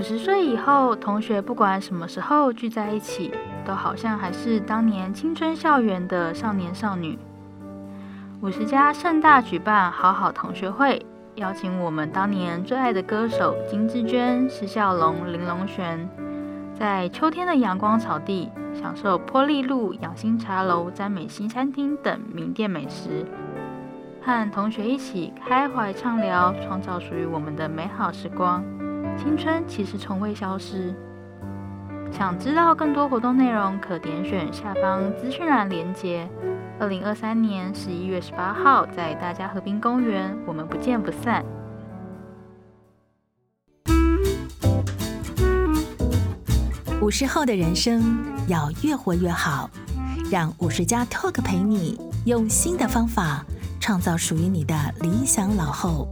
五十歲以後，同學不管什麼時候聚在一起，都好像還是當年青春校園的少年少女。50+ 盛大舉辦好好同學會，邀請我們當年最愛的歌手金智娟、施孝榮、林隆璇，在秋天的陽光草地，享受波麗路養心茶樓、沾美西餐廳等名店美食，和同學一起開懷暢聊，創造屬於我們的美好時光。青春其實從未消失。想知道更多活動內容，可點選下方資訊欄鏈接。二零二三年十一月十八號，在大佳河濱公園，我們不見不散。五十後的人生要越活越好，讓五十加 Talk 陪你，用新的方法創造屬於你的理想老後。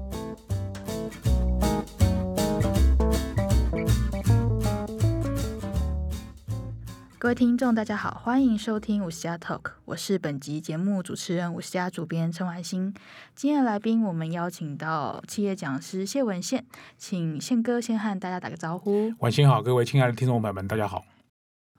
各位聽眾，大家好，歡迎收聽 50+ Talk，我是本集節目主持人 50+ 主編陳婉欣。今天的來賓，我們邀請到企業講師謝文憲，請憲哥先和大家打個招呼。婉欣好，各位親愛的聽眾朋友們，大家好。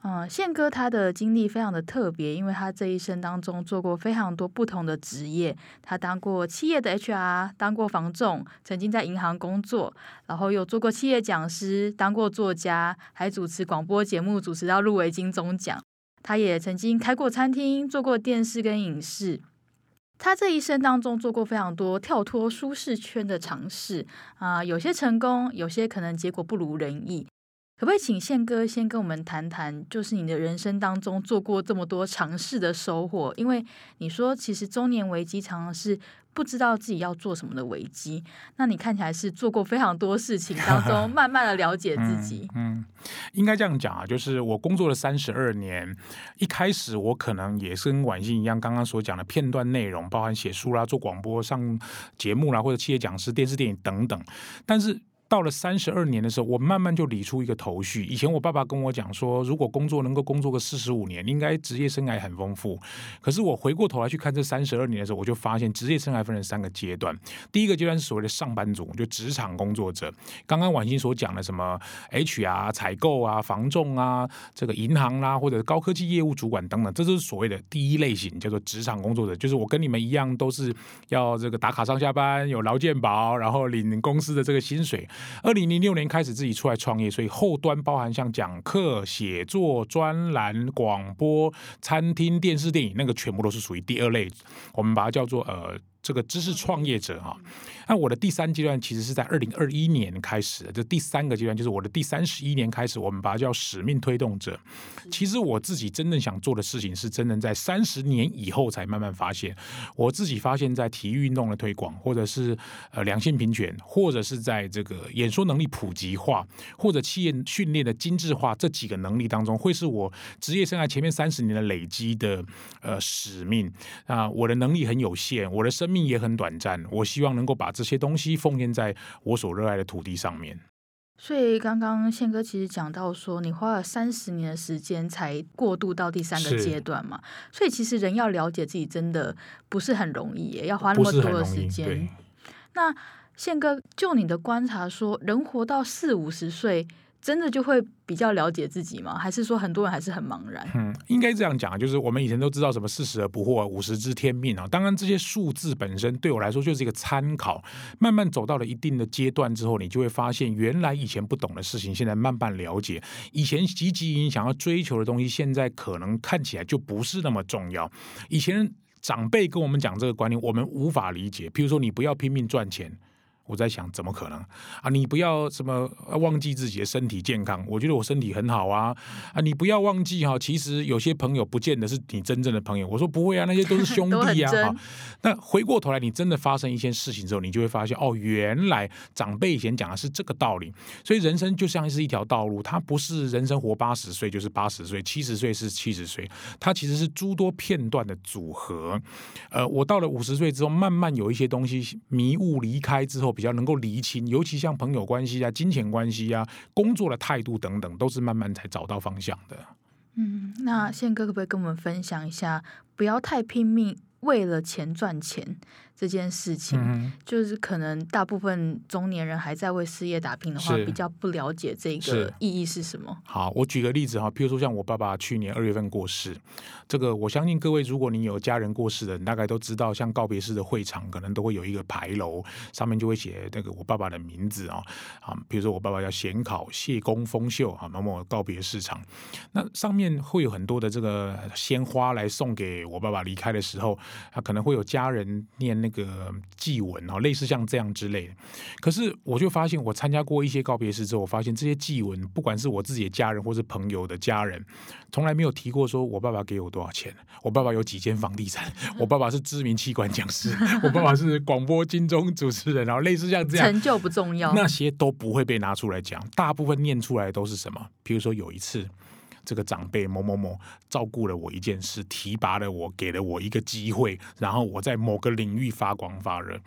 嗯、呃，憲哥他的經歷非常的特別，因為他這一生當中做過非常多不同的職業。他當過企業的 HR，當過房仲，曾經在銀行工作，然後有做過企業講師，當過作家，還主持廣播節目，主持到入圍金鐘獎。他也曾經開過餐廳，做過電視跟影視。他這一生當中做過非常多跳脫舒適圈的嘗試啊，有些成功，有些可能結果不如人意。可不可以請憲哥先跟我們談談，就是你的人生當中做過這麼多嘗試的收穫？因為你說，其實中年危機常常是不知道自己要做什麼的危機。那你看起來是做過非常多事情，當中 慢慢的了解自己。嗯，嗯，應該這樣講啊，就是我工作了三十二年，一開始我可能也是跟婉欣一樣，剛剛所講的片段內容，包含寫書啦、做廣播、上節目啦，或者企業講師、電視電影等等，但是。到了三十二年的時候，我慢慢就理出一個頭緒。以前我爸爸跟我講說，如果工作能夠工作個四十五年，應該職業生涯很豐富。可是我回過頭來去看這三十二年的時候，我就發現職業生涯分成三個階段。第一個階段是所謂的上班族，就職場工作者。剛剛婉欣所講的什麼 HR 啊、採購啊、房仲啊、這個銀行啦、啊，或者高科技業務主管等等，這就是所謂的第一類型，叫做職場工作者，就是我跟你們一樣，都是要這個打卡上下班，有勞健保，然後領公司的這個薪水。二零零六年開始自己出來創業，所以後端包含像講課、寫作、專欄、廣播、餐廳、電視、電影，那個全部都是屬於第二類，我們把它叫做呃。這個知識創業者啊，那我的第三階段其實是在二零二一年開始的，這第三個階段就是我的第三十一年開始，我們把它叫使命推動者。其實我自己真正想做的事情是，真正在三十年以後才慢慢發現。我自己發現，在體育運動的推廣，或者是呃兩性平權，或者是在這個演說能力普及化，或者企業訓練的精緻化這幾個能力當中，會是我職業生涯前面三十年的累積的呃使命。啊、呃，我的能力很有限，我的生。命也很短暫，我希望能夠把這些東西奉獻在我所熱愛的土地上面。所以剛剛憲哥其實講到說，你花了三十年的時間才過渡到第三個階段嘛，所以其實人要了解自己真的不是很容易，要花那麼多的時間。那憲哥就你的觀察說，人活到四五十歲。真的就會比較了解自己嗎？還是說很多人還是很茫然？嗯，應該這樣講，就是我們以前都知道什麼四十而不惑啊，五十知天命啊。當然，這些數字本身對我來說就是一個參考。慢慢走到了一定的階段之後，你就會發現，原來以前不懂的事情，現在慢慢了解；以前積極想要追求的東西，現在可能看起來就不是那麼重要。以前長輩跟我們講這個觀念，我們無法理解。譬如說，你不要拼命賺錢。我在想，怎麼可能啊？你不要什麼忘記自己的身體健康。我覺得我身體很好啊，啊，你不要忘記哈。其實有些朋友不見得是你真正的朋友。我說不會啊，那些都是兄弟啊。那回過頭來，你真的發生一些事情之後，你就會發現哦，原來長輩以前講的是這個道理。所以人生就像是一條道路，它不是人生活八十歲就是八十歲，七十歲是七十歲，它其實是諸多片段的組合。呃，我到了五十歲之後，慢慢有一些東西迷霧離開之後。比較能夠釐清，尤其像朋友關係啊、金錢關係啊、工作的態度等等，都是慢慢才找到方向的。嗯，那憲哥可不可以跟我們分享一下，不要太拼命為了錢賺錢這件事情、嗯、就是可能大部分中年人還在為事業打拼的話，比較不了解這個意義是什麼。好，我舉個例子哈，比如說像我爸爸去年二月份過世，這個我相信各位如果你有家人過世的，你大概都知道，像告別式的會場可能都會有一個牌樓，上面就會寫那個我爸爸的名字啊啊，比如說我爸爸叫顯考謝公封秀啊，某某告別市場，那上面會有很多的這個鮮花來送給我爸爸離開的時候，他可能會有家人念那個，那個祭文啊，類似像這樣之類的，可是我就發現，我參加過一些告別式之後，我發現這些祭文，不管是我自己的家人或是朋友的家人，從來沒有提過說我爸爸給我多少錢，我爸爸有幾間房地產，我爸爸是知名企業講師， 我爸爸是廣播金鐘主持人，然後類似像這樣成就不重要，那些都不會被拿出來講，大部分念出來都是什麼？比如說有一次。這個長輩某某某照顧了我一件事，提拔了我，給了我一個機會，然後我在某個領域發光發熱。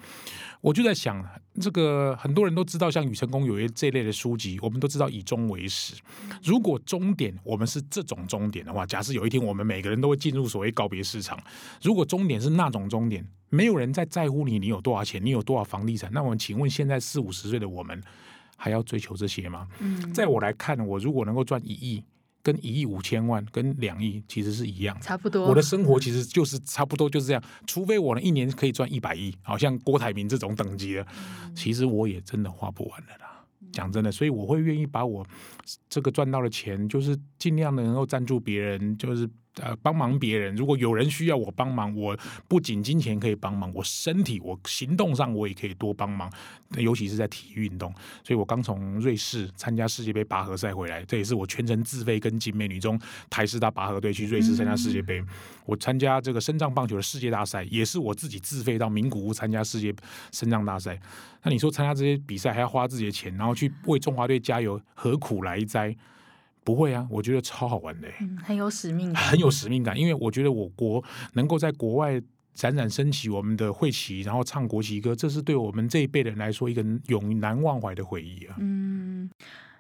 我就在想，這個很多人都知道，像《與成功有約》這一類的書籍，我們都知道以終為始。如果終點我們是這種終點的話，假設有一天我們每個人都會進入所謂告別市場，如果終點是那種終點，沒有人在在乎你，你有多少錢，你有多少房地產，那我們請問，現在四五十歲的我們還要追求這些嗎？嗯。在我來看，我如果能夠賺一億。跟一億五千萬，跟兩億其實是一樣，差不多。我的生活其實就是差不多就是這樣，嗯、除非我呢一年可以賺一百億，好像郭台銘這種等級的、嗯，其實我也真的花不完了啦。講、嗯、真的，所以我會願意把我這個賺到的錢，就是盡量的能夠贊助別人，就是。呃，幫忙別人，如果有人需要我幫忙，我不僅金錢可以幫忙，我身體，我行動上我也可以多幫忙，尤其是在體育運動。所以我剛從瑞士參加世界杯拔河賽回來，這也是我全程自費跟景美女中台師大拔河隊去瑞士參加世界杯。嗯。我參加這個身障棒球的世界大賽，也是我自己自費到名古屋參加世界身障大賽。那你說參加這些比賽還要花自己的錢，然後去為中華隊加油，何苦來哉？不會啊，我覺得超好玩的。嗯，很有使命感。很有使命感，因為我覺得我國能夠在國外冉冉升起我們的會旗，然後唱國旗歌，這是對我們這一輩人來說一個永難忘懷的回憶啊。嗯，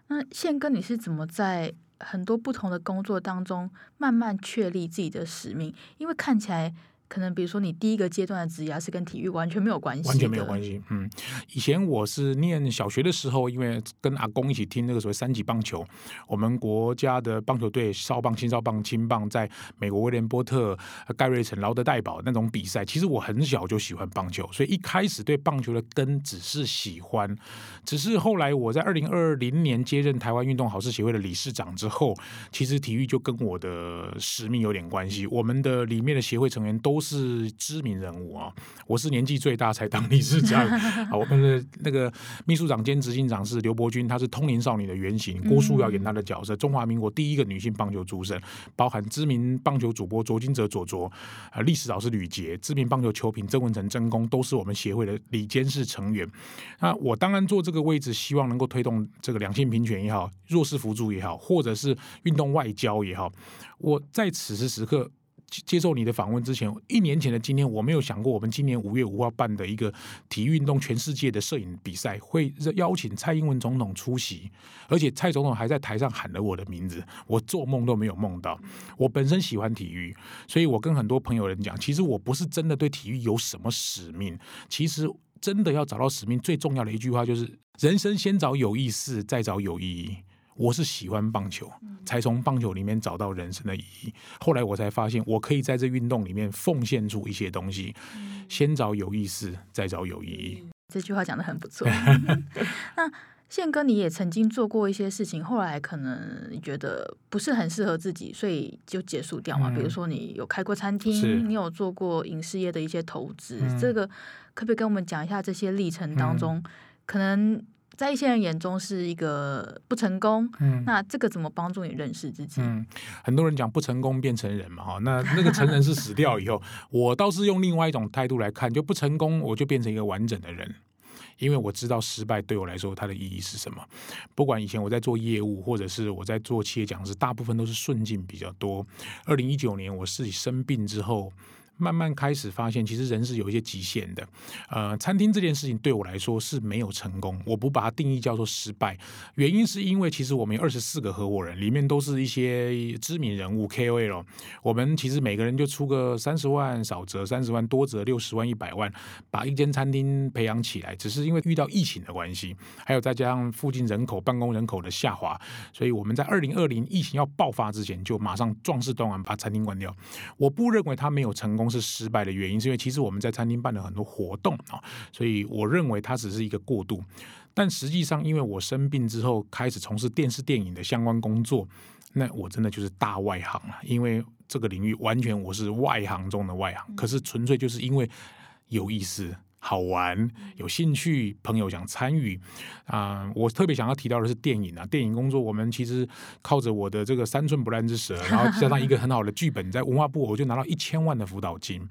那憲哥，你是怎麼在很多不同的工作當中慢慢確立自己的使命？因為看起來。可能比如說你第一個階段的職業是跟體育完全沒有關係，完全沒有關係。嗯，以前我是念小學的時候，因為跟阿公一起聽那個所謂三級棒球，我們國家的棒球隊少棒、青少棒、青棒，在美國威廉波特、蓋瑞城、勞德代堡那種比賽，其實我很小就喜歡棒球，所以一開始對棒球的根只是喜歡，只是後來我在二零二零年接任台灣運動好事協會的理事長之後，其實體育就跟我的使命有點關係，我們的裡面的協會成員都。是知名人物啊！我是年紀最大才當理事長啊！ 我們的那個秘書長兼執行長是劉伯君，他是《通靈少女》的原型，郭書瑤演他的角色，中華民國第一個女性棒球主審，包含知名棒球主播卓金哲、左卓，啊，歷史老師呂捷，知名棒球球評曾文誠、曾公，都是我們協會的理監事成員。那我當然坐這個位置，希望能夠推動這個兩性平權也好，弱勢扶助也好，或者是運動外交也好。我在此時此刻，接受你的訪問之前，一年前的今天，我沒有想過我們今年五月五號辦的一個體育運動全世界的攝影比賽會邀請蔡英文總統出席，而且蔡總統還在台上喊了我的名字，我做夢都沒有夢到。我本身喜歡體育，所以我跟很多朋友人講，其實我不是真的對體育有什麼使命，其實真的要找到使命，最重要的一句話就是，人生先找有意思，再找有意義。我是喜歡棒球、嗯，才從棒球裡面找到人生的意義。後來我才發現，我可以在這運動裡面奉獻出一些東西。嗯、先找有意思，再找有意義。這句話講得很不錯。 那憲哥，你也曾經做過一些事情，後來可能你覺得不是很適合自己，所以就結束掉嘛？嗯、比如說，你有開過餐廳，你有做過影視業的一些投資，嗯、這個可不可以跟我們講一下這些歷程當中、嗯、可能？在一些人眼中是一個不成功，嗯，那這個怎麼幫助你認識自己？嗯，很多人講不成功便成仁嘛，哈，那那個成仁是死掉以後， 我倒是用另外一種態度來看，就不成功我就變成一個完整的人，因為我知道失敗對我來說它的意義是什麼。不管以前我在做業務，或者是我在做企業講師，大部分都是順境比較多。二零一九年我自己生病之後。慢慢開始發現，其實人是有一些極限的。呃，餐廳這件事情對我來說是沒有成功，我不把它定義叫做失敗。原因是因為其實我們有二十四個合夥人，裡面都是一些知名人物 KOL。我們其實每個人就出個三十萬少則，三十萬多則六十萬一百萬，把一間餐廳培養起來。只是因為遇到疫情的關係，還有再加上附近人口辦公人口的下滑，所以我們在二零二零疫情要爆發之前，就馬上壯士斷腕把餐廳關掉。我不認為他沒有成功。是失敗的原因，是因為其實我們在餐廳辦了很多活動啊，所以我認為它只是一個過渡。但實際上，因為我生病之後開始從事電視電影的相關工作，那我真的就是大外行了，因為這個領域完全我是外行中的外行，可是純粹就是因為有意思，好玩，有興趣朋友想參與啊，呃，我特別想要提到的是電影啊，電影工作我們其實靠着我的這個三寸不爛之舌，然後加上一個很好的劇本，在文化部我就拿到一千萬的輔導金。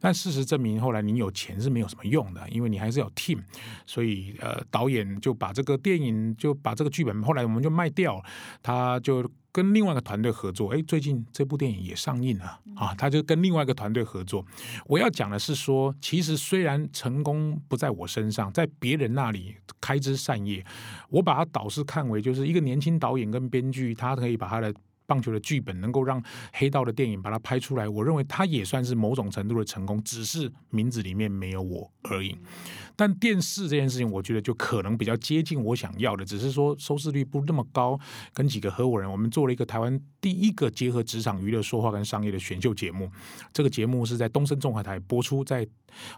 但事實證明，後來你有錢是沒有什麼用的，因為你還是有 team，所以呃，導演就把這個電影，就把這個劇本，後來我們就賣掉，他就跟另外一個團隊合作。哎，最近這部電影也上映了啊，他就跟另外一個團隊合作。我要講的是說，其實雖然成功不在我身上，在別人那裡開枝散葉，我把他導師看為就是一個年輕導演跟編劇，他可以把他的。棒球的劇本能夠讓黑道的電影把它拍出來，我認為它也算是某種程度的成功，只是名字裡面沒有我而已。但電視這件事情，我覺得就可能比較接近我想要的，只是說收視率不那麼高。跟幾個合夥人，我們做了一個台灣第一個結合職場娛樂說話跟商業的選秀節目。這個節目是在東森綜合台播出，在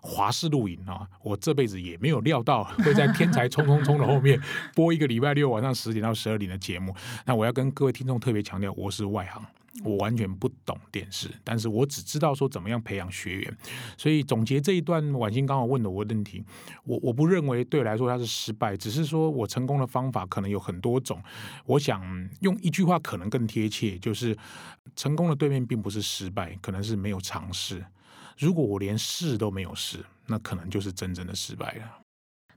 華視錄影啊。我這輩子也沒有料到會在《天才衝衝衝》的後面播一個禮拜六晚上十點到十二點的節目。那我要跟各位聽眾特別強調，我是外行。我完全不懂電視，但是我只知道說怎麼樣培養學員。所以總結這一段，婉欣剛好問的我問題，我我不認為對我來說它是失敗，只是說我成功的方法可能有很多種。我想用一句話可能更貼切，就是成功的對面並不是失敗，可能是沒有嘗試。如果我連試都沒有試，那可能就是真正的失敗了。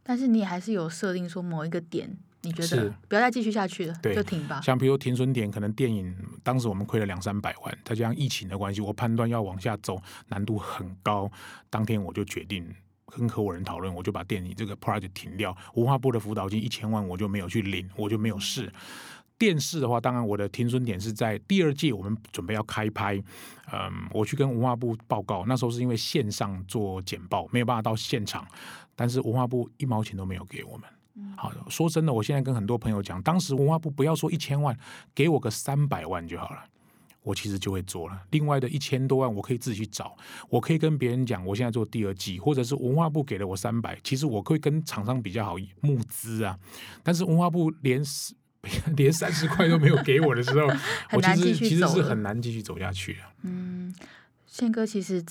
但是你還是有設定說某一個點。你覺得不要再繼續下去了，對，就停吧。像比如停損點，可能電影當時我們虧了兩三百萬，它就像疫情的關係，我判斷要往下走難度很高。當天我就決定跟合夥人討論，我就把電影這個 project 停掉。文化部的輔導金一千萬，我就沒有去領，我就沒有試。電視的話，當然我的停損點是在第二季我們準備要開拍，嗯，我去跟文化部報告，那時候是因為線上做簡報沒有辦法到現場，但是文化部一毛錢都沒有給我們。好，說真的，我現在跟很多朋友講，當時文化部不要說一千萬，給我個三百萬就好了，我其實就會做了。另外的一千多萬，我可以自己去找，我可以跟別人講，我現在做第二季，或者是文化部給了我三百，其實我可以跟廠商比較好募資啊。但是文化部連十連三十塊都沒有給我的時候， 我其實其實是很難繼續走下去的。嗯。憲哥，其實在，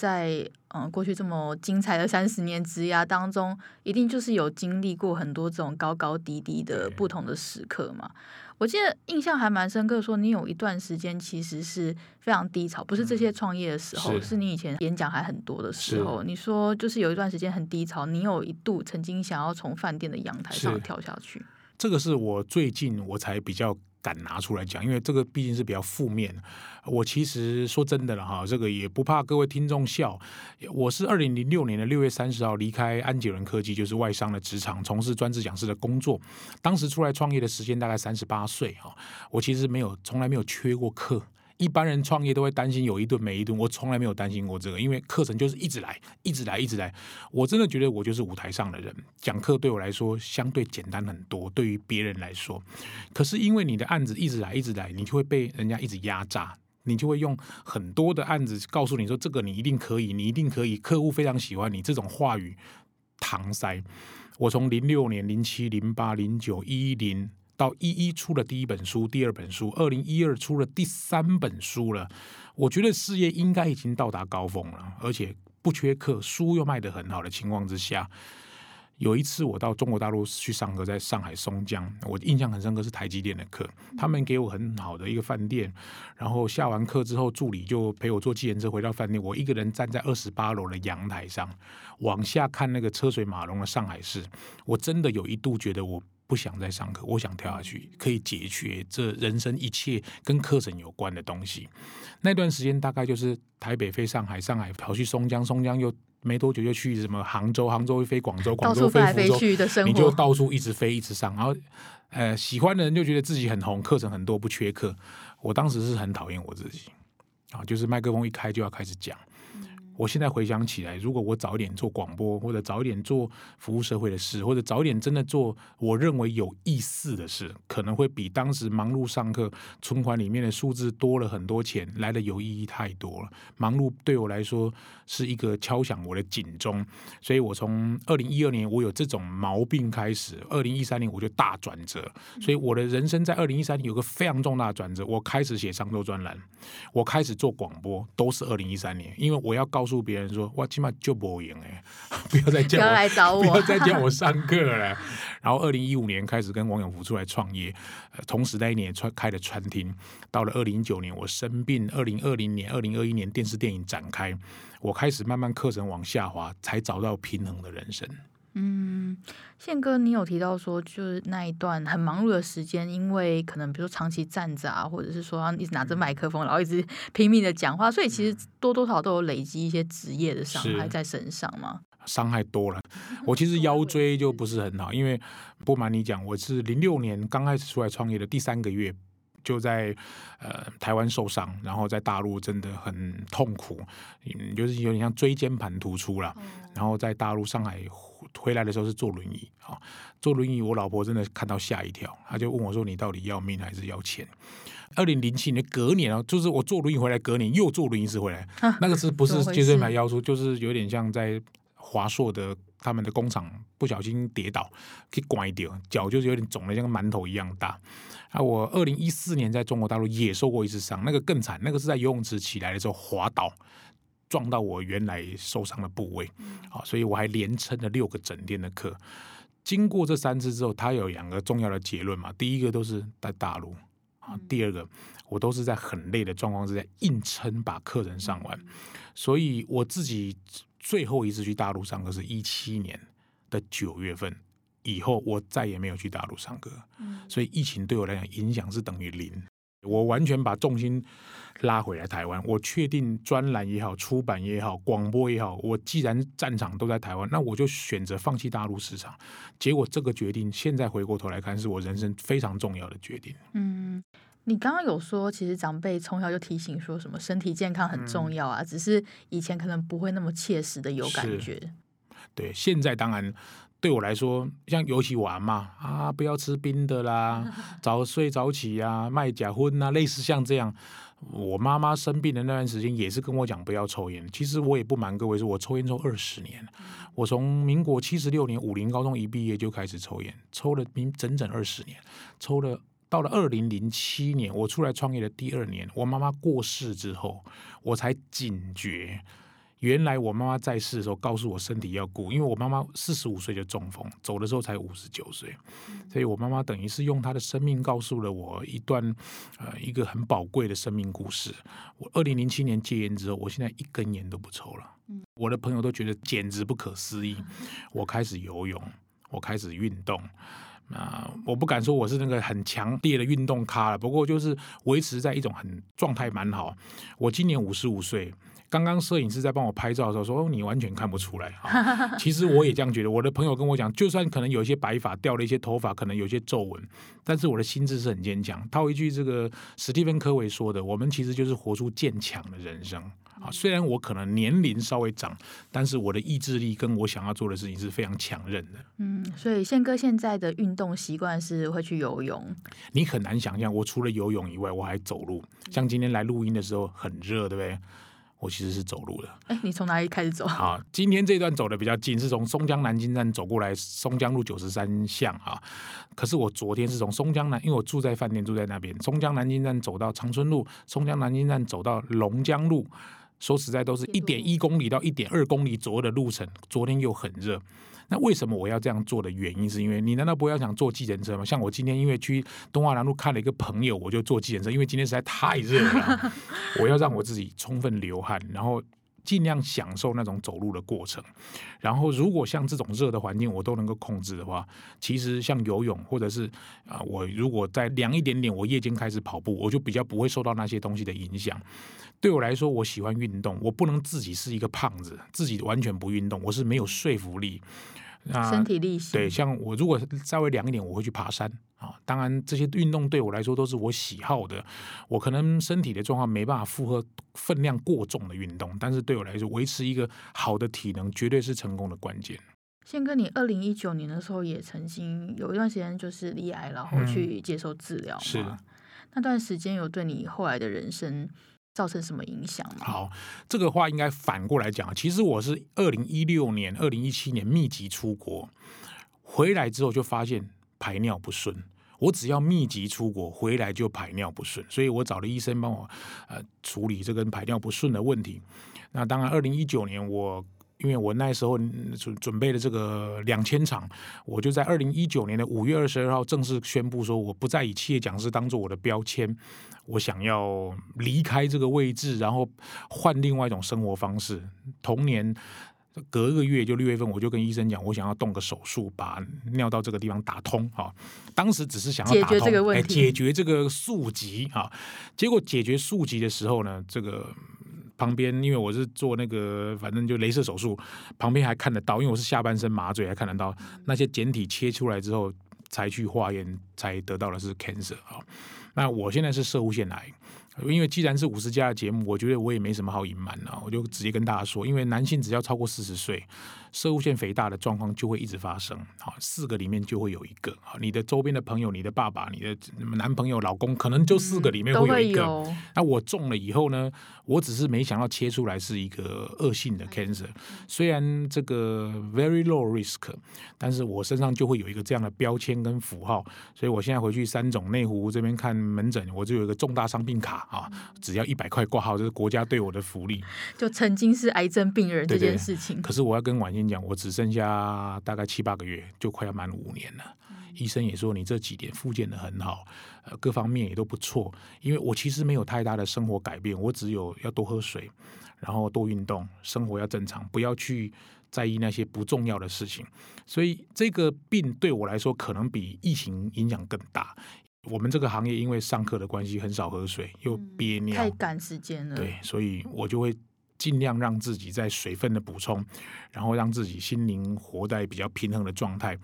在嗯過去這麼精彩的三十年職涯當中，一定就是有經歷過很多這種高高低低的不同的時刻嘛。我記得印象還蠻深刻說，說你有一段時間其實是非常低潮，不是這些創業的時候，嗯是，是你以前演講還很多的時候。你說就是有一段時間很低潮，你有一度曾經想要從飯店的陽台上跳下去。這個是我最近我才比較。敢拿出來講，因為這個畢竟是比較負面。我其實說真的了哈，這個也不怕各位聽眾笑。我是二零零六年的六月三十號離開安捷倫科技，就是外商的職場，從事專職講師的工作。當時出來創業的時間大概三十八歲啊，我其實沒有，從來沒有缺過課。一般人創業都會擔心有一頓沒一頓，我從來沒有擔心過這個，因為課程就是一直來，一直來，一直來。我真的覺得我就是舞台上的人，講課對我來說相對簡單很多，對於別人來說，可是因為你的案子一直來一直來，你就會被人家一直壓榨，你就會用很多的案子告訴你說這個你一定可以，你一定可以，客戶非常喜歡你這種話語搪塞。我從零六年、零七、零八、零九、一零到一一出了第一本書，第二本書，二零一二出了第三本書了。我覺得事業應該已經到達高峰了，而且不缺課，書又賣得很好的情況之下，有一次我到中國大陸去上課，在上海松江，我印象很深刻是台積電的課，他們給我很好的一個飯店，然後下完課之後，助理就陪我坐計程車回到飯店，我一個人站在二十八樓的陽台上，往下看那個車水馬龍的上海市，我真的有一度覺得我。不想再上課，我想跳下去，可以解決這人生一切跟課程有關的東西。那段時間大概就是台北飛上海，上海跑去松江，松江又沒多久又去什麼杭州，杭州又飛廣州，廣州飛福州飛去的，你就到處一直飛一直上。然後，呃，喜歡的人就覺得自己很紅，課程很多不缺課。我當時是很討厭我自己啊，就是麥克風一開就要開始講。我現在回想起來，如果我早一點做廣播，或者早一點做服務社會的事，或者早一點真的做我認為有意思的事，可能會比當時忙碌上課、存款裡面的數字多了很多錢，來的有意義太多了。忙碌對我來說是一個敲響我的警鐘，所以我從二零一二年我有這種毛病開始，二零一三年我就大轉折。所以我的人生在二零一三年有個非常重大的轉折，我開始寫商周專欄，我開始做廣播，都是二零一三年，因為我要告。告訴別人說，我現在很忙耶，不要再叫我，不要來找我，不要再叫我上課了。 然後，二零一五年開始跟王永福出來創業，呃、同時那一年開了餐廳。到了二零一九年，我生病；二零二零年、二零二一年電視電影展開，我開始慢慢課程往下滑，才找到平衡的人生。嗯，憲哥，你有提到說，就是那一段很忙碌的時間，因為可能比如說長期站着啊，或者是說一直拿着麥克風，然後一直拼命的講話，所以其實多多少少都有累積一些職業的傷害在身上嘛。傷害多了，我其實腰椎就不是很好，因為不瞞你講，我是零六年剛開始出來創業的第三個月，就在呃台灣受傷，然後在大陸真的很痛苦，嗯，就是有點像椎間盤突出了，然後在大陸上海，回來的時候是坐輪椅啊，坐輪椅，我老婆真的看到嚇一跳，她就問我說：“你到底要命還是要錢？”二零零七年隔年啊，就是我坐輪椅回來，隔年又坐輪椅回來，啊，那個是不是就是買腰椎，就是有點像在華碩的他們的工廠不小心跌倒，給拐掉，腳就是有點腫的，像個饅頭一樣大。啊，我二零一四年在中國大陸也受過一次傷，那個更慘，那個是在游泳池起來的時候滑倒。撞到我原來受傷的部位、嗯，啊，所以我還連撐了六個整天的課。經過這三次之後，他有兩個重要的結論嘛。第一個都是在大陸啊，第二個我都是在很累的狀況之下硬撐把課程上完、嗯。所以我自己最後一次去大陸上課是一七年的九月份以後，我再也沒有去大陸上課、嗯。所以疫情對我來講影響是等於零，我完全把重心。拉回來台灣，我確定專欄也好，出版也好，廣播也好，我既然戰場都在台灣，那我就選擇放棄大陸市場。結果這個決定，現在回過頭來看，是我人生非常重要的決定。嗯，你剛剛有說，其實長輩從小就提醒說什麼身體健康很重要啊、嗯，只是以前可能不會那麼切實的有感覺。對，現在當然對我來說，像尤其我阿嬤，啊，不要吃冰的啦， 早睡早起啊，賣假婚啊，類似像這樣。我媽媽生病的那段時間，也是跟我講不要抽菸。其實我也不瞞各位說，我抽菸抽二十年。我從民國七十六年武陵高中一畢業就開始抽菸，抽了整整二十年，抽了到了二零零七年，我出來創業的第二年，我媽媽過世之後，我才警覺。原來我媽媽在世的時候告訴我身體要顧，因為我媽媽四十五歲就中風，走的時候才五十九歲、嗯，所以我媽媽等於是用她的生命告訴了我一段呃一個很寶貴的生命故事。我二零零七年戒菸之後，我現在一根菸都不抽了、嗯。我的朋友都覺得簡直不可思議。嗯、我開始游泳，我開始運動，啊、呃，我不敢說我是那個很強烈的運動咖了，不過就是維持在一種很狀態蠻好。我今年五十五歲。剛剛攝影師在幫我拍照的時候說：“哦，你完全看不出來啊！”其實我也這樣覺得。我的朋友跟我講，就算可能有一些白髮掉了一些頭髮，可能有些皺紋，但是我的心智是很堅強。套一句這個史蒂芬·科維說的：“我們其實就是活出漸強的人生啊！”雖然我可能年齡稍微長，但是我的意志力跟我想要做的事情是非常強韌的。嗯，所以憲哥現在的運動習慣是會去游泳。你很難想象，我除了游泳以外，我還走路。像今天來錄音的時候很熱，對不對？我其實是走路的，哎，你從哪裡開始走？好，今天這段走的比較近，是從松江南京站走過來，松江路九十三巷啊。可是我昨天是從松江南，因為我住在飯店，住在那邊。松江南京站走到長春路，松江南京站走到龍江路，說實在都是一點一公里到一點二公里左右的路程。昨天又很熱。那為什麼我要這樣做的原因，是因為你難道不要想坐計程車嗎？像我今天因為去東華南路看了一個朋友，我就坐計程車，因為今天實在太熱了， 我要讓我自己充分流汗，然後。盡量享受那種走路的過程，然後如果像這種熱的環境我都能夠控制的話，其實像游泳或者是啊，我如果再涼一點點，我夜間開始跑步，我就比較不會受到那些東西的影響。對我來說，我喜歡運動，我不能自己是一個胖子，自己完全不運動，我是沒有說服力。身體力行，對，像我如果稍微涼一點，我會去爬山。當然，這些運動對我來說都是我喜好的。我可能身體的狀況沒辦法負荷分量過重的運動，但是對我來說，維持一個好的體能絕對是成功的關鍵。憲哥，你二零一九年的時候也曾經有一段時間就是罹癌，然後去接受治療。嗯，是，那段時間有對你後來的人生造成什麼影響嗎？好，這個話應該反過來講。其實我是二零一六年、二零一七年密集出國，回來之後，就發現排尿不順。我只要密集出國回來就排尿不順，所以我找了醫生幫我呃處理這個排尿不順的問題。那當然，二零一九年我因為我那時候準準備了這個兩千場，我就在二零一九年的五月二十二號正式宣布說，我不再以企業講師當做我的標籤，我想要離開這個位置，然後換另外一種生活方式。同年。隔一個月就六月份，我就跟醫生講，我想要動個手術，把尿道這個地方打通啊。當時只是想要打通，哎，解決這個問題，解決這個數級啊。結果解決數級的時候呢，這個旁邊因為我是做那個，反正就鐳射手術，旁邊還看得到，因為我是下半身麻醉，還看得到那些檢體切出來之後，才去化驗，才得到的是 cancer 啊。那我現在是攝護腺癌。因為既然是五十加的節目，我覺得我也沒什麼好隱瞞了、啊，我就直接跟大家說，因為男性只要超過四十歲。攝護腺肥大的狀況就會一直發生，啊，四個裡面就會有一個。啊，你的周邊的朋友、你的爸爸、你的男朋友、老公，可能就四個裡面會有一個。嗯、都會有。那我中了以後呢？我只是沒想到切出來是一個惡性的 cancer、嗯。雖然這個 very low risk，但是我身上就會有一個這樣的標籤跟符號。所以我現在回去三總內湖這邊看門診，我就有一個重大傷病卡啊、嗯，只要一百塊掛號，這、就是國家對我的福利。就曾經是癌症病人 這件事情對對。可是我要跟婉瑩。講我只剩下大概七八個月，就快要滿五年了。嗯。醫生也說，你這幾年復健得很好，呃，各方面也都不錯。因為我其實沒有太大的生活改變，我只有要多喝水，然後多運動，生活要正常，不要去在意那些不重要的事情。所以這個病對我來說，可能比疫情影響更大。我們這個行業因為上課的關係，很少喝水，又憋尿。嗯，太趕時間了。對，所以我就會。盡量讓自己在水分的補充，然後讓自己心靈活在比較平衡的狀態。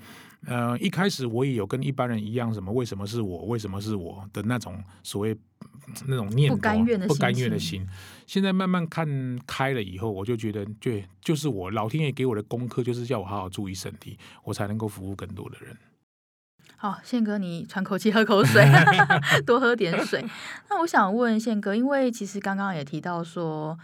呃，一開始我也有跟一般人一樣，什麼為什麼是我，為什麼是我的那種所謂那種念頭，不甘，不甘願的心。現在慢慢看開了以後，我就覺得，就就是我老天爺給我的功課，就是叫我好好注意身體，我才能夠服務更多的人。好，憲哥，你喘口氣，喝口水， 多喝點水。 那我想問憲哥，因為其實剛剛也提到說。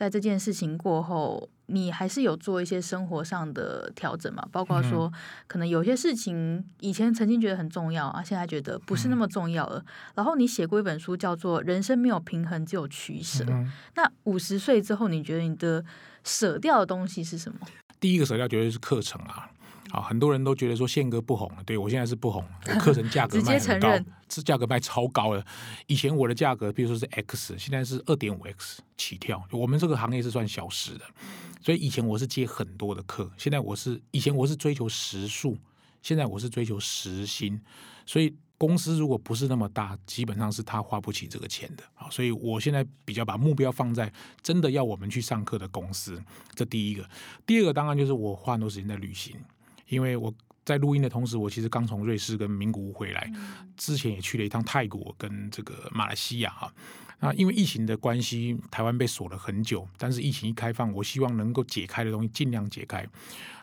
在這件事情過後，你還是有做一些生活上的調整嘛，包括說，嗯、可能有些事情以前曾經覺得很重要啊，現在覺得不是那麼重要了。嗯、然後你寫過一本書叫做《人生沒有平衡，只有取舍》。嗯、那五十歲之後，你覺得你的舍掉的東西是什麼？第一個舍掉絕對是課程啊。好，很多人都覺得說憲哥不紅，對，我現在是不紅，我課程價格賣很高，是價格賣超高了。以前我的價格，比如說是 X，現在是二點五 X 起跳。我們這個行業是算小時的，所以以前我是接很多的課，現在我是以前我是追求時數，現在我是追求時薪。所以公司如果不是那麼大，基本上是他花不起這個錢的。所以我現在比較把目標放在真的要我們去上課的公司，這第一個。第二個當然就是我花很多時間在旅行。因為我在錄音的同時，我其實剛從瑞士跟名古屋回來，之前也去了一趟泰國跟這個馬來西亞哈。啊，因為疫情的關係，台灣被鎖了很久。但是疫情一開放，我希望能夠解開的東西儘量解開。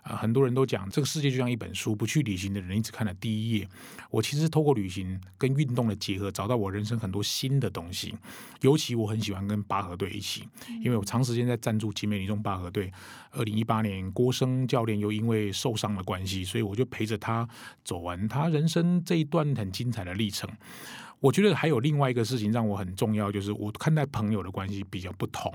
啊、呃，很多人都講，這個世界就像一本書，不去旅行的人一直看了第一頁。我其實透過旅行跟運動的結合，找到我人生很多新的東西。尤其我很喜歡跟拔河隊一起，因為我長時間在贊助景美女中拔河隊。二零一八年，郭昇教練又因為受傷的關係，所以我就陪着他走完他人生這一段很精彩的歷程。我覺得還有另外一個事情讓我很重要，就是我看待朋友的關係比較不同。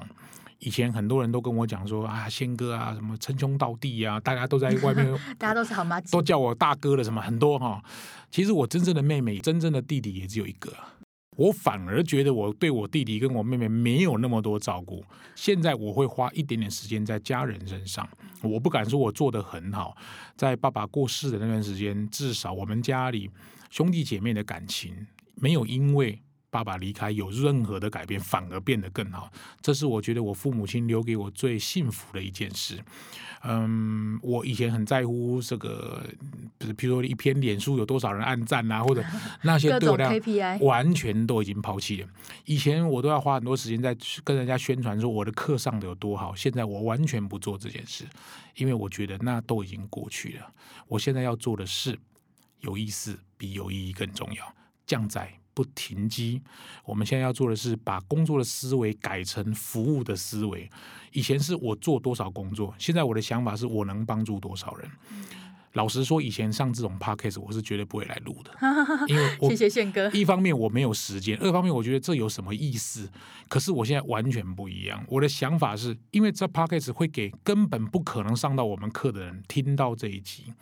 以前很多人都跟我講說啊，憲哥啊，什麼稱兄道弟啊，大家都在外面， 大家都是好嘛，都叫我大哥了，什麼很多哈、哦。其實我真正的妹妹、真正的弟弟也只有一個。我反而覺得我對我弟弟跟我妹妹沒有那麼多照顧。現在我會花一點點時間在家人身上，我不敢說我做得很好。在爸爸過世的那段時間，至少我們家裡兄弟姐妹的感情，沒有因為爸爸離開有任何的改變，反而變得更好。這是我覺得我父母親留給我最幸福的一件事。嗯，我以前很在乎這個，比如說一篇臉書有多少人按讚啊，或者那些對我這樣各種 KPI，完全都已經拋棄了。以前我都要花很多時間在跟人家宣傳說我的課上的有多好，現在我完全不做這件事，因為我覺得那都已經過去了。我現在要做的事有意思，比有意義更重要。降載不停機。我們現在要做的是把工作的思維改成服務的思維。以前是我做多少工作，現在我的想法是我能幫助多少人。老實說，以前上這種 podcast 我是絕對不會來錄的，哈哈哈哈，因為我謝謝憲哥。一方面我沒有時間，另一方面我覺得這有什麼意思？可是我現在完全不一樣。我的想法是因為這 podcast 會給根本不可能上到我們課的人聽到這一集。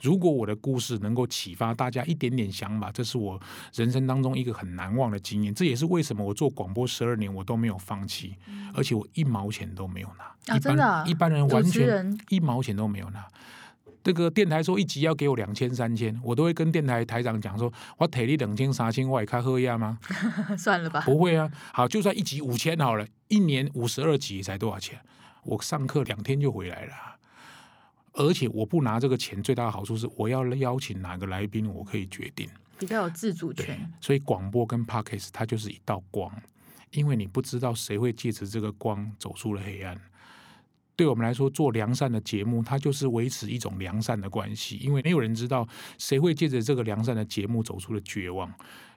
如果我的故事能夠啟發大家一點點想法，這是我人生當中一個很難忘的經驗。這也是為什麼我做廣播十二年我都沒有放棄、嗯，而且我一毛錢都沒有拿。啊、一般真的、啊？一般人完全人一毛錢都沒有拿。這、那個電台說一集要給我兩千三千，我都會跟電台台長講說，我體力兩千三千，我也開喝呀嗎？ 算了吧，不會啊。好，就算一集五千好了，一年五十二集才多少錢？我上課兩天就回來了、啊，而且我不拿這個錢，最大的好處是我要邀請哪個來賓，我可以決定，比較有自主權。所以廣播跟 Podcast 它就是一道光，因為你不知道誰會借着這個光走出了黑暗。對我們來說，做良善的節目，它就是維持一種良善的關係。因為沒有人知道誰會借着這個良善的節目走出了絕望，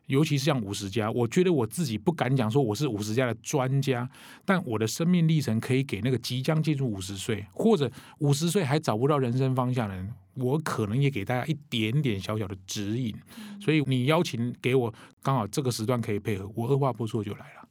尤其是像 50+，我覺得我自己不敢講說我是 50+ 的專家，但我的生命歷程可以給那個即將進入五十歲或者五十歲還找不到人生方向的人，我可能也給大家一點點小小的指引。所以你邀請給我，剛好這個時段可以配合，我二話不說就來了。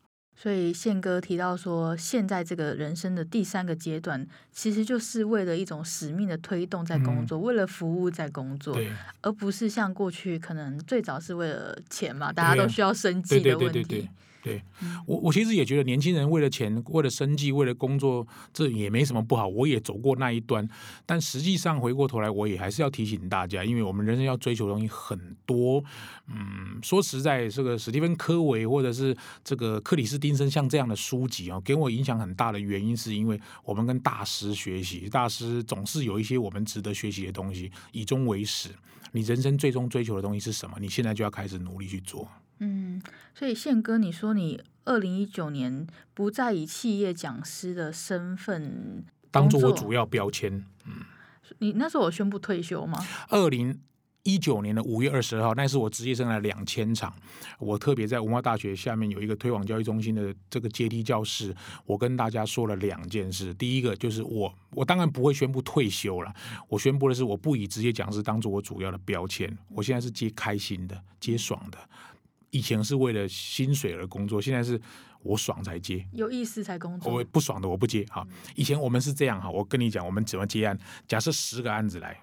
所以憲哥提到說，現在這個人生的第三個階段，其實就是為了一種使命的推動在工作，嗯、為了服務在工作，而不是像過去可能最早是為了錢嘛，大家都需要生計的問題。對對對對對對。對，我，我其實也覺得年輕人為了錢、為了生計、為了工作，這也沒什麼不好。我也走過那一段，但實際上回過頭來，我也還是要提醒大家，因為我們人生要追求的東西很多。嗯，說實在，這個史蒂芬·科維或者是這個克里斯丁森像這樣的書籍啊，給我影響很大的原因，是因為我們跟大師學習，大師總是有一些我們值得學習的東西，以終為始。你人生最終追求的東西是什麼？你現在就要開始努力去做。嗯，所以憲哥，你說你二零一九年不再以企業講師的身份作，當做我主要標籤。嗯，你那時候我宣布退休嗎？二零一九年的五月二十二號，那是我職業生涯兩千場。我特別在文化大學下面有一個推廣教育中心的這個階梯教室，我跟大家說了兩件事。第一個就是我，我當然不會宣布退休了。我宣布的是，我不以職業講師當做我主要的標籤。我現在是接開心的，接爽的。以前是為了薪水而工作，現在是我爽才接，有意思才工作。我不爽的我不接哈。以前我們是這樣哈，我跟你講，我們怎麼接案？假設十個案子來，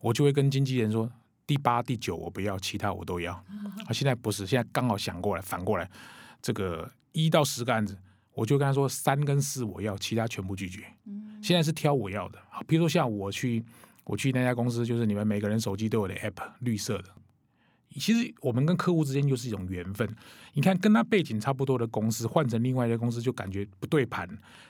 我就會跟經紀人說，第八、第九我不要，其他我都要。啊，現在不是，現在剛好想過來，反過來，這個一到十個案子，我就跟他說三跟四我要，其他全部拒絕。嗯，現在是挑我要的。好，比如說像我去，我去那家公司，就是你們每個人手機都有的 app 綠色的。其實我們跟客戶之間就是一種緣分。你看，跟他背景差不多的公司，換成另外一個公司就感覺不對盤。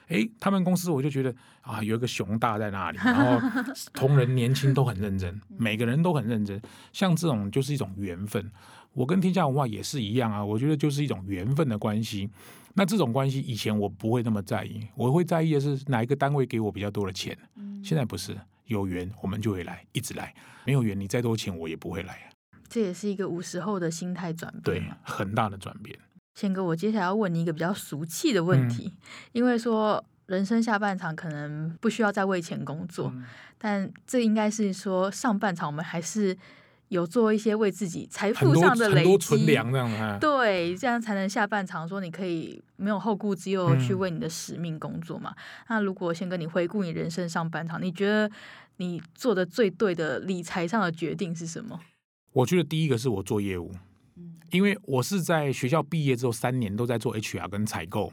哎，他們公司我就覺得啊，有一個熊大在那裡，然後同仁年輕都很認真，每個人都很認真。像這種就是一種緣分。我跟天下文化也是一樣啊，我覺得就是一種緣分的關係。那這種關係以前我不會那麼在意，我會在意的是哪一個單位給我比較多的錢。現在不是，有緣我們就會來，一直來。沒有緣，你再多錢我也不會來。這也是一個五十後的心態轉變。啊，對，很大的轉變。憲哥，我接下來要問你一個比較俗氣的問題。嗯，因為說人生下半場可能不需要再為錢工作。嗯，但這應該是說上半場我們還是有做一些為自己財富上的累積，多存糧這樣。啊、對，這樣才能下半場說你可以沒有後顧之憂去為你的使命工作嘛。嗯、那如果憲哥，你回顧你人生上半場，你覺得你做的最對的理財上的決定是什麼？我覺得第一個是我做業務，因為我是在學校畢業之後三年都在做 HR 跟採購，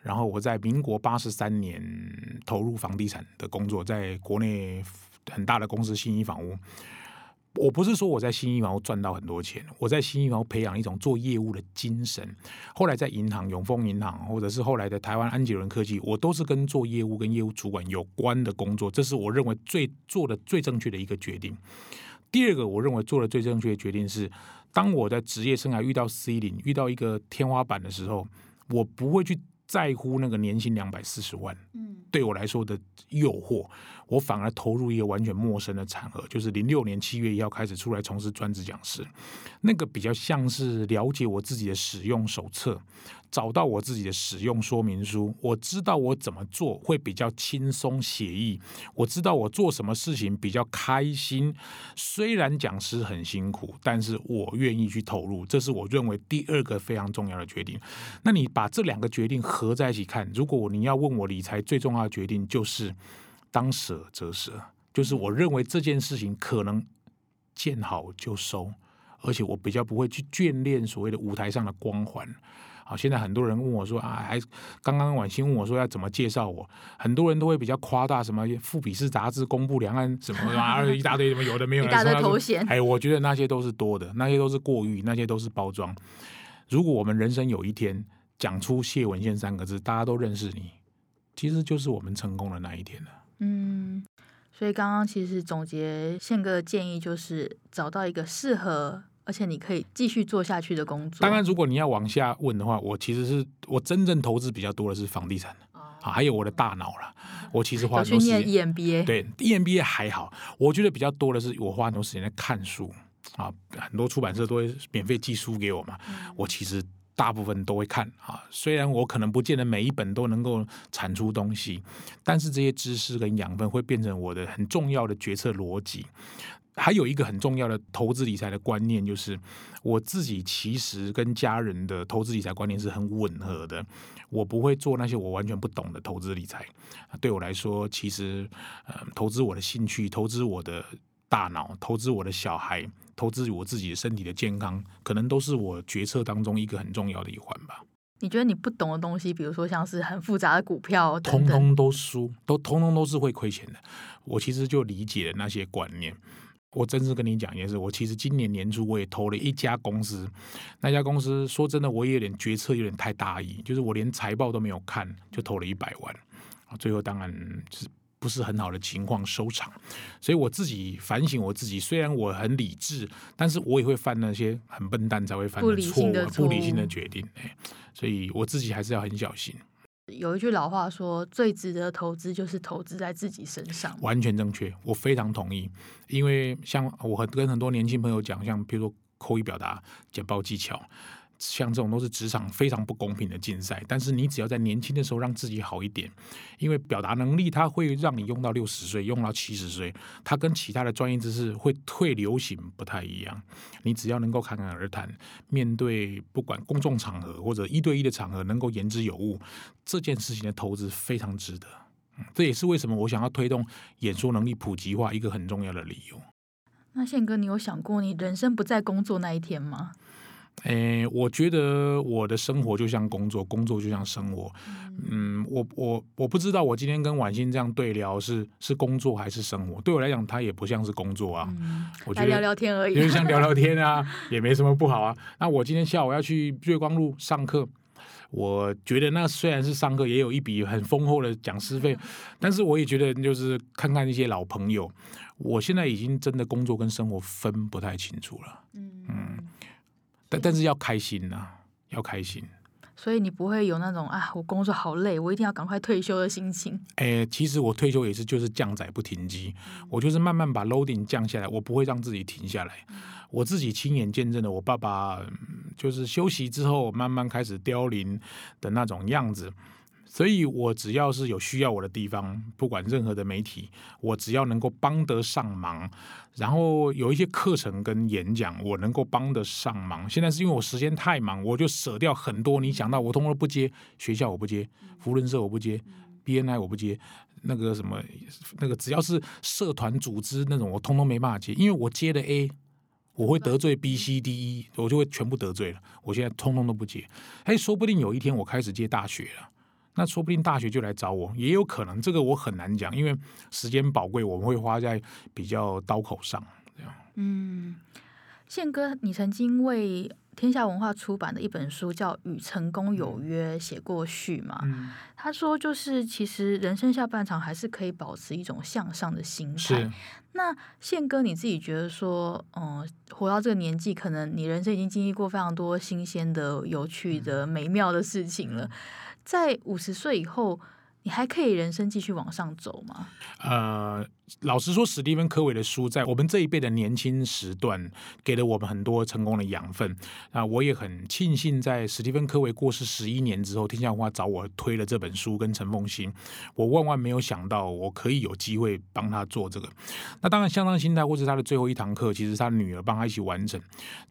然後我在民國八十三年投入房地產的工作，在國內很大的公司信義房屋。我不是說我在信義房屋賺到很多錢，我在信義房屋培養一種做業務的精神。後來在銀行永豐銀行，或者是後來的台灣安捷倫科技，我都是跟做業務跟業務主管有關的工作。這是我認為最做的最正確的一個決定。第二個，我認為做的最正確的決定是，當我在職業生涯遇到 C 零，遇到一個天花板的時候，我不會去在乎那個年薪兩百四十萬，對我來說的誘惑，我反而投入一個完全陌生的場合，就是零六年七月一號開始出來從事專職講師，那個比較像是了解我自己的使用手冊。找到我自己的使用說明書，我知道我怎麼做會比較輕鬆寫意，我知道我做什麼事情比較開心。雖然講師很辛苦，但是我願意去投入，這是我認為第二個非常重要的決定。那你把這兩個決定合在一起看，如果你要問我理財最重要的決定，就是當捨則捨，就是我認為這件事情可能見好就收，而且我比較不會去眷戀所謂的舞台上的光環。好，現在很多人問我說啊，還剛剛婉心問我說要怎麼介紹我？很多人都會比較誇大什麼富比士雜誌公布兩岸什麼啊， 一大堆什麼有的沒有的頭銜。哎，我覺得那些都是多的，那些都是過譽，那些都是包裝。如果我們人生有一天講出謝文憲三個字，大家都認識你，其實就是我們成功的那一天了，啊。嗯，所以剛剛其實總結憲哥的建議就是找到一個適合。而且你可以繼續做下去的工作。當然，如果你要往下問的話，我其實是我真正投資比較多的是房地產啊、嗯，還有我的大腦了。我其實花很多時間對、嗯、EMBA 還好。我覺得比較多的是我花很多時間在看書啊，很多出版社都會免費寄書給我嘛。嗯、我其實大部分都會看啊，雖然我可能不見得每一本都能夠產出東西，但是這些知識跟養分會變成我的很重要的決策邏輯。還有一個很重要的投資理財的觀念，就是我自己其實跟家人的投資理財觀念是很吻合的。我不會做那些我完全不懂的投資理財。對我來說，其實呃、嗯，投資我的興趣，投資我的大腦，投資我的小孩，投資我自己身體的健康，可能都是我決策當中一個很重要的一環吧。你覺得你不懂的東西，比如說像是很複雜的股票等等，通通都輸，都通通都是會虧錢的。我其實就理解了那些觀念。我真是跟你講一件事，我其實今年年初我也投了一家公司，那家公司說真的，我也有點決策有點太大意，就是我連財報都沒有看就投了一百萬，最後當然就是不是很好的情況收場，所以我自己反省我自己，雖然我很理智，但是我也會犯那些很笨蛋才會犯的錯誤，不理性的決定，所以我自己還是要很小心。有一句老話說，最值得投資就是投資在自己身上，完全正確，我非常同意。因為像我很跟很多年輕朋友講，像譬如說口語表達、簡報技巧。像這種都是職場非常不公平的競賽，但是你只要在年輕的時候讓自己好一點，因為表達能力它會讓你用到六十歲，用到七十歲，它跟其他的專業知識會退流行不太一樣。你只要能夠侃侃而談，面對不管公眾場合或者一對一的場合，能夠言之有物，這件事情的投資非常值得。嗯，這也是為什麼我想要推動演說能力普及化一個很重要的理由。那憲哥，你有想過你人生不再工作那一天嗎？哎、欸，我覺得我的生活就像工作，工作就像生活。嗯，我我我不知道，我今天跟婉欣這樣對聊是是工作還是生活？對我來講，它也不像是工作啊。嗯、我覺得來聊聊天而已，有、就、點、是、像聊聊天啊， 也沒什麼不好啊。那我今天下午要去月光路上課，我覺得那雖然是上課，也有一筆很豐厚的講師費、嗯，但是我也覺得就是看看一些老朋友。我現在已經真的工作跟生活分不太清楚了。嗯。嗯但但是要開心吶、啊，要開心。所以你不會有那種啊，我工作好累，我一定要趕快退休的心情。哎、欸，其實我退休也是就是降載不停機、嗯，我就是慢慢把 loading 降下來，我不會讓自己停下來。嗯、我自己親眼見證了我爸爸就是休息之後慢慢開始凋零的那種樣子。所以，我只要是有需要我的地方，不管任何的媒體，我只要能夠幫得上忙，然後有一些課程跟演講，我能夠幫得上忙。現在是因為我時間太忙，我就捨掉很多。你想到我通通都不接，學校，我不接，扶輪社我不接，BNI 我不接，那個什麼那個只要是社團組織那種，我通通沒辦法接，因為我接的 A，我會得罪 B C D E，我就會全部得罪了。我現在通通都不接，哎，說不定有一天我開始接大學了。那說不定大學就來找我，也有可能。這個我很難講，因為時間寶貴，我們會花在比較刀口上。這樣。嗯，憲哥，你曾經為天下文化出版的一本書叫《與成功有約》寫過序嘛？他、嗯、說，就是其實人生下半場還是可以保持一種向上的心態。是。那憲哥，你自己覺得說，嗯，活到這個年紀，可能你人生已經經歷過非常多新鮮的、有趣的、美妙的事情了。嗯在五十歲以後，你還可以人生繼續往上走嗎？呃、uh...。老實說，史蒂芬·科維的書在我們這一輩的年輕時段給了我們很多成功的養分。啊，我也很慶幸，在史蒂芬·科維過世十一年之後，天下文化找我推了這本書，跟陳鳳馨，我萬萬沒有想到我可以有機會幫他做這個。那當然，向上心態或是他的最後一堂課，其實他女兒幫他一起完成。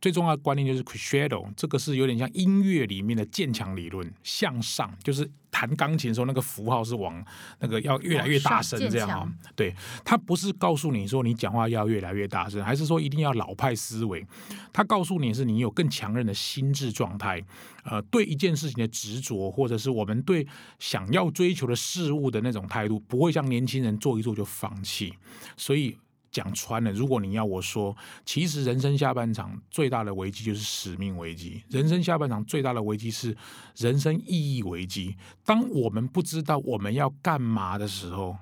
最重要的觀念就是 crescendo，這個是有點像音樂裡面的漸強理論。向上就是彈鋼琴的時候，那個符號是往那個要越來越大聲這樣啊、哦，對。他不是告訴你說，你講話要越來越大聲，還是說一定要老派思維？他告訴你是你有更強韌的心智狀態，呃，對一件事情的執着，或者是我們對想要追求的事物的那種態度，不會像年輕人做一做就放棄。所以講穿了，如果你要我說，其實人生下半場最大的危機就是使命危機，人生下半場最大的危機是人生意義危機。當我們不知道我們要幹嘛的時候，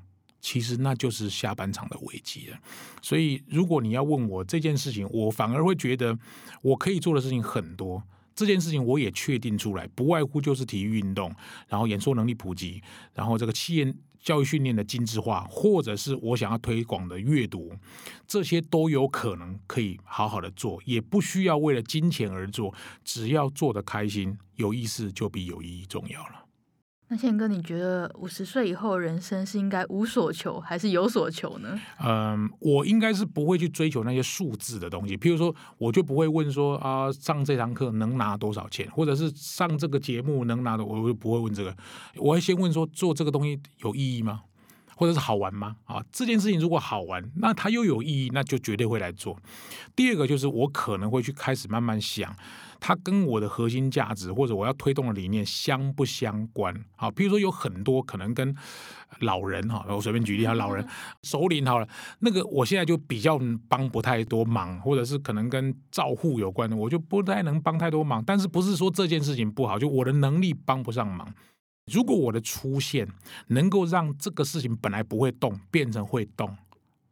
其實那就是下半場的危機了，所以如果你要問我這件事情，我反而會覺得我可以做的事情很多。這件事情我也確定出來，不外乎就是體育運動，然後演說能力普及，然後這個企業，教育訓練的精緻化，或者是我想要推廣的閱讀，這些都有可能可以好好的做，也不需要為了金錢而做，只要做得開心、有意思，就比有意義重要了。那憲哥，你覺得五十歲以後人生是應該無所求還是有所求呢？嗯，我應該是不會去追求那些數字的東西，譬如說，我就不會問說啊，上這堂課能拿多少錢，或者是上這個節目能拿的，我就不會問這個。我會先問說，做這個東西有意義嗎？或者是好玩嗎？啊，這件事情如果好玩，那它又有意義，那就絕對會來做。第二個就是，我可能會去開始慢慢想。它跟我的核心價值或者我要推動的理念相不相關？好，譬如說有很多可能跟老人哈，我隨便舉例哈，老人、首領好了，那個我現在就比較幫不太多忙，或者是可能跟照護有關的，我就不太能幫太多忙。但是不是說這件事情不好，就我的能力幫不上忙。如果我的出現能夠讓這個事情本來不會動變成會動，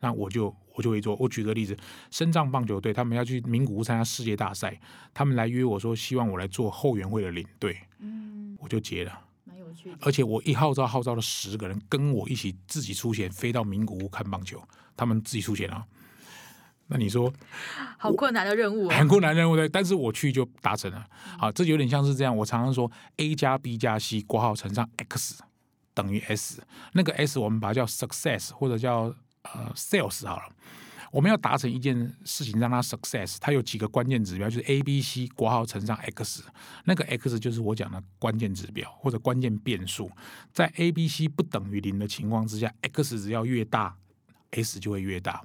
那我就我就會做。我舉個例子，深藏棒球隊他們要去名古屋參加世界大賽，他們來約我說，希望我來做後援會的領隊。嗯，我就接了，蠻有趣的。而且我一號召，號召了十個人跟我一起自己出錢飛到名古屋看棒球，他們自己出錢啊。那你說，好困難的任務，啊，很困難任務對，但是我去就達成了。嗯，好，這就有點像是這樣。我常常說，A 加 B 加 C 括號乘上 X 等於 S，那個 S 我們把它叫 success 或者叫。呃、uh,，sales 好了，我們要達成一件事情讓它 success，它有幾個關鍵指標，就是 A、B、C 括號乘上 x，那個 x 就是我講的關鍵指標或者關鍵變數，在 A、B、C 不等於零的情況之下，x 只要越大，s 就會越大。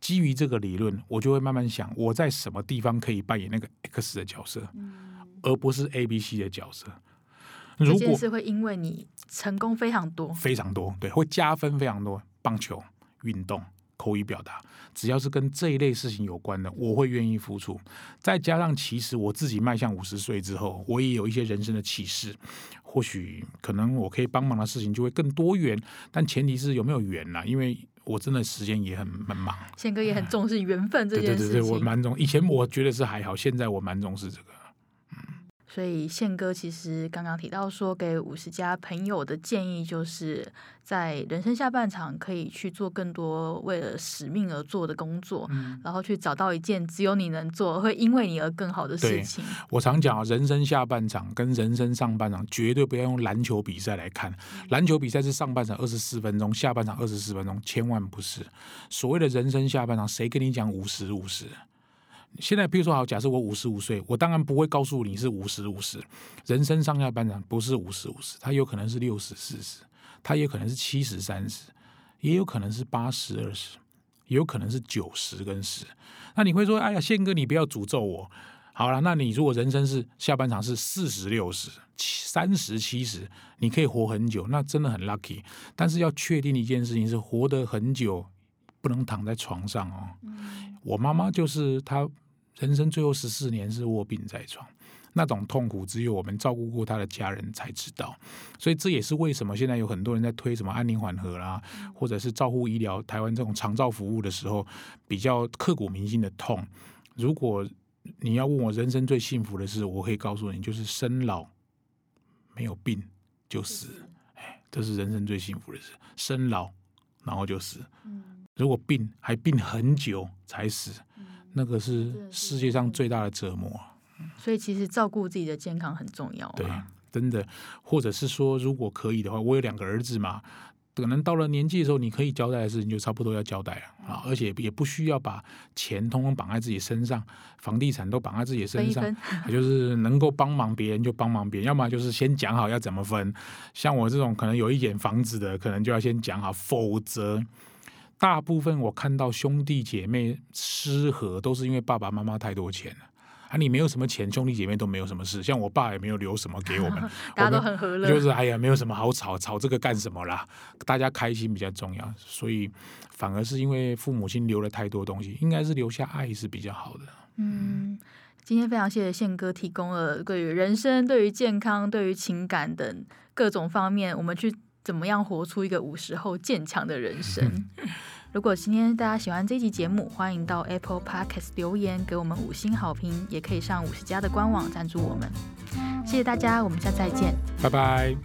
基於這個理論，我就會慢慢想我在什麼地方可以扮演那個 x 的角色，嗯、而不是 A、B、C 的角色。如果，這件事會因為你成功非常多，非常多，對，會加分非常多。棒球。運動、口語表達，只要是跟這一類事情有關的，我會願意付出。再加上，其實我自己邁向五十歲之後，我也有一些人生的啟示。或許可能我可以幫忙的事情就會更多元，但前提是有沒有緣吶，啊。因為我真的時間也很蠻忙。憲哥也很重視緣分這件事情，嗯。對對對對，我蠻重。以前我覺得是還好，現在我蠻重視這個。所以憲哥其實剛剛提到說，給五十加朋友的建議，就是在人生下半場可以去做更多為了使命而做的工作，嗯、然後去找到一件只有你能做，會因為你而更好的事情。對，我常講、啊、人生下半場跟人生上半場絕對不要用籃球比賽來看，籃球比賽是上半場二十四分鐘，下半場二十四分鐘，千萬不是。所謂的人生下半場，誰跟你講五十五十？現在比如說好，假設我五十五歲，我當然不會告訴你是五十五十，人生上下半場不是五十五十，它有可能是六十四十，它也可能是七十三十，也有可能是八十二十，也有可能是九十跟十。那你會說，哎呀，憲哥你不要詛咒我。好了，那你如果人生是下半場是四十六十、三十七十，你可以活很久，那真的很 lucky。但是要確定一件事情是活得很久，不能躺在床上哦。嗯我媽媽就是她，人生最後十四年是臥病在床，那種痛苦只有我們照顧過她的家人才知道。所以這也是為什麼現在有很多人在推什麼安寧緩和啦、啊，或者是照護醫療，台灣這種長照服務的時候，比較刻骨銘心的痛。如果你要問我人生最幸福的事，我可以告訴你，就是生老沒有病就死，哎，這是人生最幸福的事。生老然後就死。如果病還病很久才死，嗯，那個是世界上最大的折磨。所以其實照顧自己的健康很重要，啊。對，真的。或者是說，如果可以的話，我有兩個兒子嘛，可能到了年紀的時候，你可以交代的事，你就差不多要交代了。而且也不需要把錢通通綁在自己身上，房地產都綁在自己身上，就是能夠幫忙別人就幫忙別人，要麼就是先講好要怎麼分。像我這種可能有一點房子的，可能就要先講好，否則。大部分我看到兄弟姐妹失和，都是因為爸爸媽媽太多錢了。啊，你沒有什麼錢，兄弟姐妹都沒有什麼事。像我爸也沒有留什麼給我們，啊，大家都很和樂，就是哎呀，沒有什麼好吵，吵這個幹什麼啦？大家開心比較重要，所以反而是因為父母親留了太多東西，應該是留下愛是比較好的。嗯，今天非常謝謝憲哥提供了關於人生、對於健康、對於情感等各種方面，我們去。怎麼樣活出一個五十後漸強的人生？ 如果今天大家喜歡這集節目，歡迎到 Apple Podcast 留言給我們五星好評，也可以上五十加的官網贊助我們。謝謝大家，我們下次再見，拜拜。